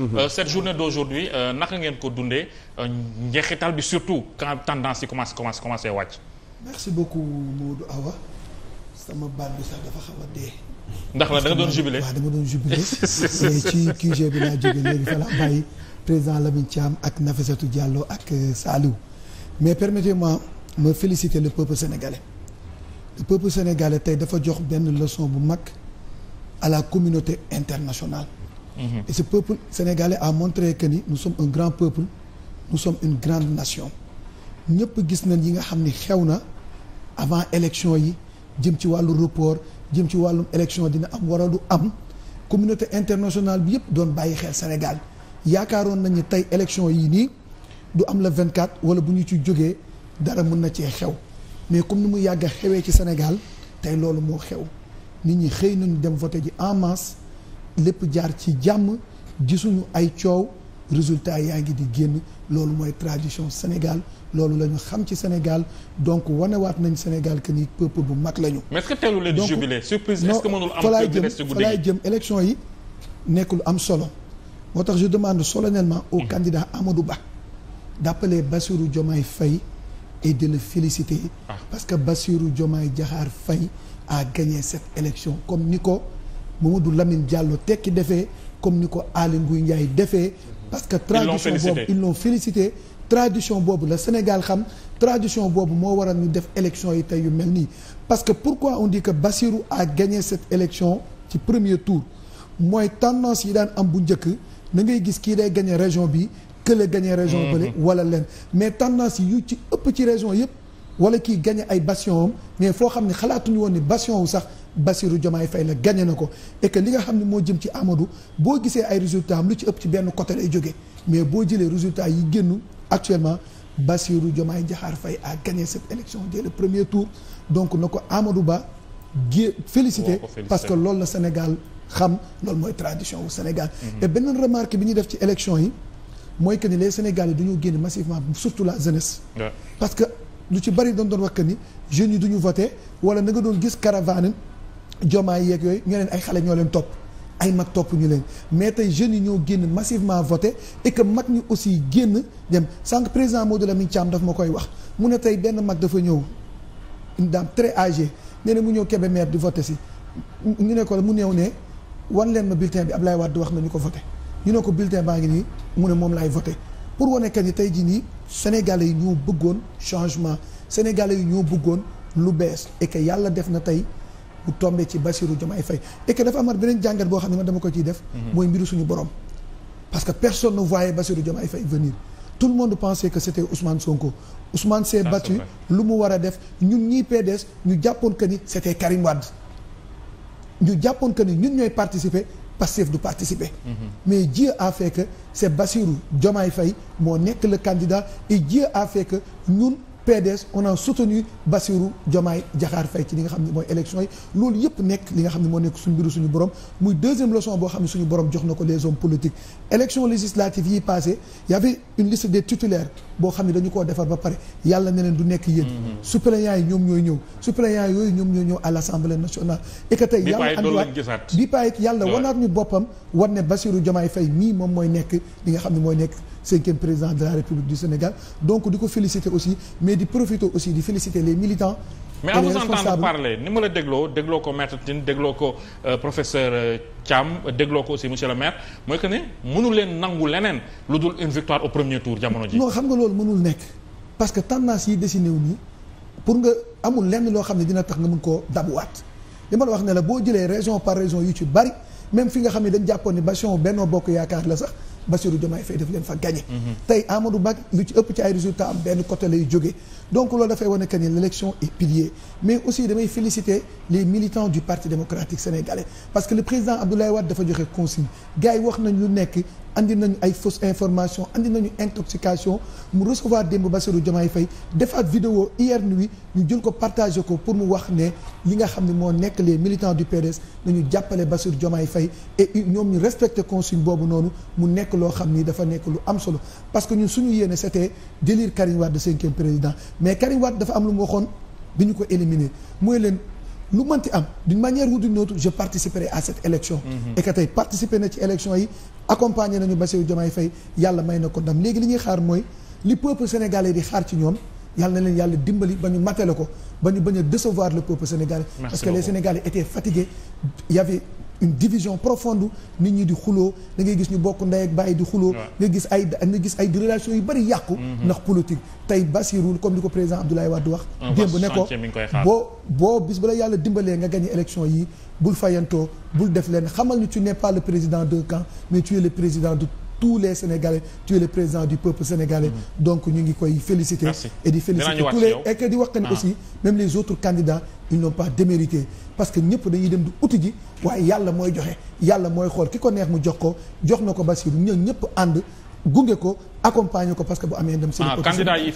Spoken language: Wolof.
Euh, cette journée d'aujourd'hui euh, naka ngeen ko dundee euh, njeexital bi surtout quand tendance yi commencé commencé commencé wàcc. merci beaucoup du Awa sama baat bi sax dafa xaw a dee. ndax la da nga doon jubilé waaw dama doon jubilé ci QG bi laa jógee léegi fa laa bàyyi président Lamine Thiam ak Nafissatou Diallo ak Saliou mais permettez-moi ma féliciter le peuple sénégalais le peuple sénégalais tey dafa jox benn leçon bu mag à la communauté internationale. Mhm. et ce peuple sénégalais a montré que ni mu sommes un grand peuple nous sommes une grande nation ñëpp gis nañ yi nga xam ni xew na avant élection yi jëm ci wàllu report jëm ci wàllum élection dina am wala du am communauté internationale bi yëpp doon bàyyi xel Sénégal yaakaaroon nañu tey élection yi nii du am la 24 wala bu ñu ci jógee dara mën na cee xew mais comme ni mu yàgg xewee ci Sénégal tey loolu moo xew nit ñi xëy nañu dem voté ji en masse lépp jaar ci jàmm gisuñu ay coow résultat yaa ngi di génn loolu mooy tradition Sénégal loolu lañu xam ci Sénégal donc wanewaat nañ Sénégal que ni peuple bu mag la ñu. mais est-ce que teelu jëm fa yi nekk lu am solo moo tax je demande solennellement au mm. candidat Amadou Ba d'appeler Bassirou Diomaye Faye et de le féliciter. Ah. parce que Bassirou Diomaye Diakhar fay a gagné cette élection comme ni ko. a Mamadou Lamine jàlloo tekki defee comme ni ko Aly Ngouille Ndiaye defee parce que tradition boobu ils l'ont félicité tradition boobu la Sénégal xam tradition boobu moo waral ñu def élection yi tey yu mel nii parce que pourquoi on di que Bassirou ak gagné cette élection ci premier tour mooy tendance yi daan am bu njëkk na ngay gis kii day gañe région bi kële gagné région mhm. bële wala leen mais tendance yu ci ëpp ci région yëpp wala kii gagné ay bastion mais foo xam ne xalaatuñu woon ni bastion wu sax Bassirou Diomaye fay la gagné na ko et que li nga xam ne moo jëm ci Amadou boo gisee ay résultats am lu ci ëpp ci benn côté lay jógee mais boo jëlee résultat yi génn actuellement Bassirou Diomaye Diakhar Faye a gagné cette élection dès le premier tour donc na ko Amadou Ba gé félicité parce que loolu la Sénégal xam loolu mooy tradition wu Sénégal mhm. et beneen remarque bi ñuy def ci élection yi mooy que ni les Sénégalais dañoo génn massivement surtout la jeunesse parce que lu ci bari doon doon wax que ni jeunes yi duñu voté wala na nga doon gis caravane jomaay yeeg yooyu ñoo leen ay xale ñoo leen topp ay mag topp ñu leen mais tey jeunes yi ñoo génn massivement voté et que mag ñi aussi génn dem sànq président Modou Lamine Thiam daf ma koy wax mu ne tey benn mag dafa ñëw une dame très âgée nee mu ñëw Kébémer di voté si ñu ne ko mu néew ne wan leen ma bulletin bi Ablaye Wade wax na ñu ko voté ñu ne ko bulletin baa ngi nii mu ne moom laay voté pour wane que ni tey jii nii Sénégalais yi ñoo bëggoon changement Sénégalais yi ñoo bëggoon lu bees et yàlla def na tey. bu tombee ci Bassirou Diomaye Faye et que dafa amaat beneen jàngat boo xam ne man dama ko ciy def mhm. mooy mbiru suñu borom parce que personne ne voyait Bassirou Diomaye Faye venir tout le monde pensait que c'était Ousmane Sonko Ousmane s'est ah, battu lu mu war a def ñun ñii PDS ñu jàppoon que ni c'était Karim ñu jàppoon que ni ñun ñooy participer Pastef du participer mhm. mais Dieu a fait que c'est Bassirou Diomaye moo nekk le candidat et Dieu a fait ñun PDS on a soutenu Bassirou Diomaye Diakhar Faye ci li nga xam ne mooy élection yi loolu yëpp nekk li nga xam ne moo nekk suñu mbiru suñu borom muy deuxième leçon boo xam ne suñu borom jox na ko les hommes politiques élection législative yi passé y avait une liste des titulaires boo xam ne dañu koo defar ba pare yàlla neleen du nekk yéen mm-hmm. suppléants yi ñoom ñooy ñëw suppléants yooyu ñoom ñooy ñëw à l'Assemblée nationale et que tey yàlla andiwaat bi paayit yàlla wanaat ñu boppam war ne Bassirou Diomaye Faye mii moom mooy nekk li nga xam ne mooy nekk cinquième président de la République du Sénégal donc di ko féliciter aussi mais di profiter aussi di féliciter les militants mais à vous entendre parler ni ma la dégloo dégloo ko maître Tine dégloo ko euh, professeur euh, Thiam dégloo ko aussi monsieur le maire mooy que ne mënu leen nangu leneen lu dul une victoire au premier tour jamono ji non xam nga loolu mënul nekk parce que tendance yi dessiné wu nii pour nga amul lenn loo xam ne dina tax nga mun koo dabuwaat li ma la wax ne la boo jëlee région par yu ci bari même fi nga xam ne dañ jàppoon ne bastion Benno Bokk Yaakaar la sax Bassirou Diomaye Faye daf leen fa gagné. Mhm. tey Amadou Ba lu ci ëpp ci ay résultats benn côté lay jógee donc loolu dafay wane que ni l'élection est pilier mais aussi damay féliciter les militants du Parti démocratique sénégalais parce que le président Abdoulaye Wade dafa joxe consigne gars wax nañ lu nekk. andi nañu ay fausse information andi nañu intoxication mu recevoir démb Bassirou Diomaye Faye defaat vidéo hier nuit ñu jël ko partagé ko pour mu wax ne li nga xam ne moo nekk les militants du na ñu jàppale Bassirou Diomaye Faye et ñoom ñu respecté consigne boobu noonu mu nekk loo xam ni dafa nekk lu am solo parce que ñun suñu yéene c'était d'élire Karim Wade cinquième président mais Karim dafa am lu mu waxoon bi ñu ko éliminer mooy leen lu mënti am d'une manière ou d'une autre je participerai à cette élection mhm. et que tey participer na ci élection yi accompagner nañu ba Bassirou Diomaye Faye yàlla may na ko ndam léegi li ñuy xaar mooy li peuple sénégalais di xaar ci ñoom yàlla na leen yàlla dimbali ba ñu matale ko ba ñu bañ a décevoir le peuple sénégalais parce que les sénégalais étaient fatigués y avait une division profonde nit ñi di xuloo da ngay gis ñu bokk ndey ak bàyyi di xuloo nga gis ay nga gis ay relation yu bëri yàqu mhm. ndax politique tey Bassirou comme ni ko président Abdoulaye Wade wax démb ne ko boo boo bis bala yàlla dimbalee nga gagné élection yi bul fayantoo bul def leen xamal ni tu ne pas le président de camp mais tu es président de tous les Sénégalais tu es le président du peuple sénégalais. Mmh. donc ñu ngi koy féliciter. Merci. et di féliciter tous les et que di wax ne ah. aussi même les autres candidats ils n'ont pas démérité parce que ñëpp dañuy dem di uti ji waaye yàlla mooy joxe yàlla mooy xool ki ko neex mu jox ko jox na ko Bassirou ñoom ñëpp ànd gunge ko accompagner ko parce que bu amee dem. si